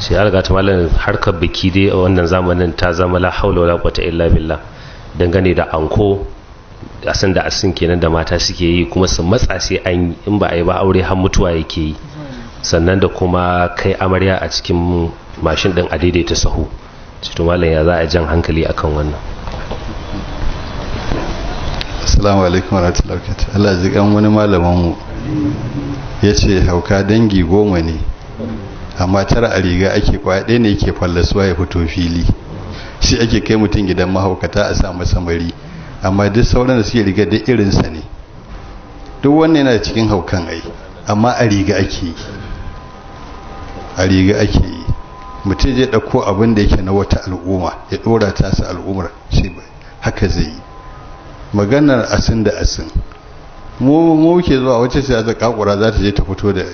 shi ya riga ta malam harkar biki dai a wannan zamanin ta zama la haula wala quwwata illa billah dangane da anko a san da asin kenan da mata suke yi kuma su matsa sai an in ba a yi ba aure har mutuwa yake yi sannan da kuma kai amarya a cikin mashin din a daidaita sahu to malam ya za a jan hankali akan wannan assalamu alaikum wa rahmatullahi Allah ya ji wani malamin mu yace hauka dangi goma ne amma tara a riga ake kwaya ɗaya ne ke fallasuwa ya fito fili shi ake kai mutum gidan mahaukata a sa masa mari amma duk sauran da suke riga duk irinsa ne duk wannan yana cikin haukan ai amma a riga ake yi a riga ake yi mutum zai ɗauko abin da yake na wata al'umma ya ɗora ta su al'ummar shi haka zai yi maganar asin da asin mu mu zuwa wacce sai ta kakura za ta je ta fito da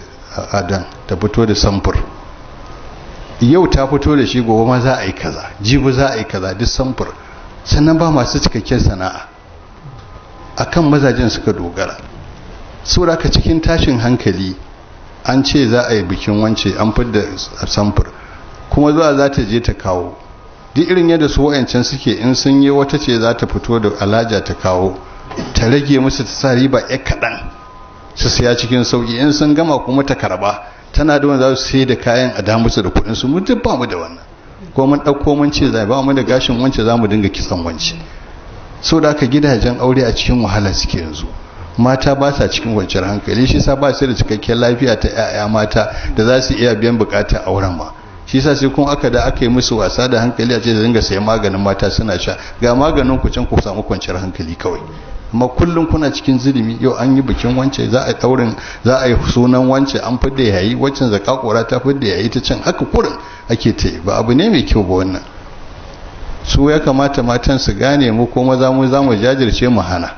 adan ta fito da samfur yau ta fito da shi gobe ma za a yi kaza jibi za a yi kaza duk samfur sannan ba masu cikakken sana'a akan mazajen suka dogara saboda ka cikin tashin hankali an ce za a yi bikin wance an fidda samfur kuma zuwa za ta je ta kawo duk irin yadda su wa'ancan suke in sun yi wata ce za ta fito da alaja ta kawo ta rage musu ta sa riba ya kaɗan su siya cikin sauki in sun gama kuma ta karba tana da wanda za su sai da kayan a damu su da kuɗin su mun ba mu da wannan ko mun ɗauko mun ce zai ba mu da gashin wance za mu dinga kisan wance so da aka gidajen aure a cikin wahala suke yanzu mata ba sa cikin kwanciyar hankali shi sa ba su da cikakken lafiya ta 'ya'ya mata da za su iya biyan bukatar auren ma shi sa sai kun aka da aka yi musu wasa da hankali a ce da dinga sayan maganin mata suna sha ga maganin ku can ku samu kwanciyar hankali kawai amma kullum kuna cikin zulumi yau an yi bikin wance za a daurin za a yi sunan wance an fidda yayi waccan zaka kora ta fidda yayi ta can haka kurin ake ta ba abu ne mai kyau ba wannan su ya kamata matan su gane mu ko maza mu za mu jajirce mu hana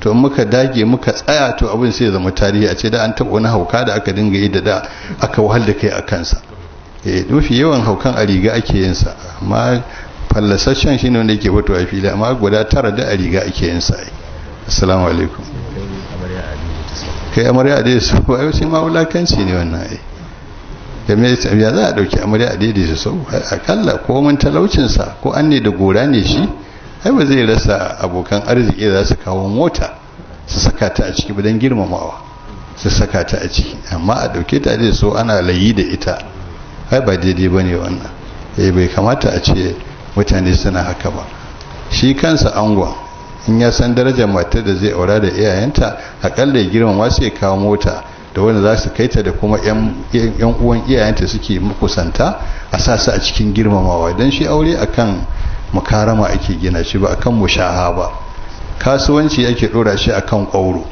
to muka dage muka tsaya to abin sai zama tarihi a ce da an taɓa wani hauka da aka dinga yi da da aka wahal da kai a kansa eh dofi yawan haukan a riga ake yin sa amma fallasashen shine wanda yake fito a fili amma guda tara da a riga ake yin sa assalamu alaikum kai amarya a daidaita sau ba sai ma wulakanci ne wannan ai da me ya za a dauki amarya a daidaita sau akalla ko mun talaucinsa ko an ne da gora ne shi ai ba zai rasa abokan arziki da za su kawo mota su saka ta a ciki ba don girmamawa su saka ta a ciki amma a dauke ta da su ana layi da ita ai ba daidai ba ne wannan eh bai kamata a ce mutane suna haka ba shi kansa angon in ya san darajar matar da zai aura da iyayenta akalla ya girmama sai ya kawo mota da wanda za su kai ta da kuma yan uwan iyayenta suke makusanta a sa su a cikin girmamawa don shi aure akan mukarama ake gina shi ba akan mushaha ba kasuwanci ake dora shi akan kwauro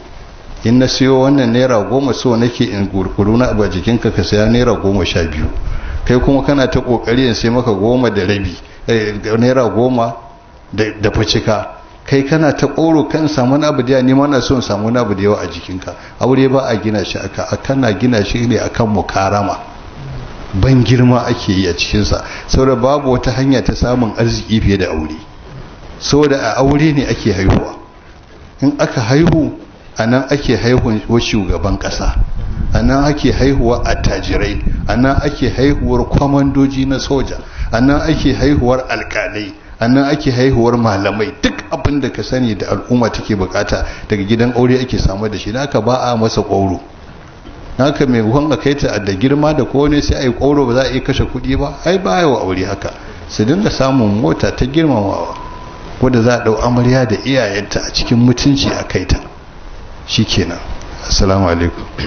in na siyo wannan naira goma so nake in gurguru na ba jikinka ka saya naira goma sha biyu kai kuma kana ta kokari in sai maka goma da rabi eh, naira goma da cika. kai kana ta koro kan samu na abu da neman na samu na abu da a jikinka aure ba a gina shi aka akan na gina shi ne akan mukarama ban girma ake yi a cikinsa saboda babu wata hanya ta samun arziki fiye da aure saboda a aure ne ake haihuwa in aka haihu a nan ake haihuwar shugaban kasa a nan ake haihuwar attajirai a nan ake haihuwar kwamandoji na soja a nan ake haihuwar alkalai annan ake haihuwar malamai duk abin da ka sani da al'umma take bukata daga gidan aure ake samu da shi naka ba a masa kwauro, naka mai buhon a kai ta da girma da kowane sai a yi kwauro ba za a yi kashe kuɗi ba ai ba wa aure haka su dinga samun mota ta girmamawa wadda za a ɗau amarya da iyayenta a cikin mutunci a kai ta shi kenan assalamu alaikum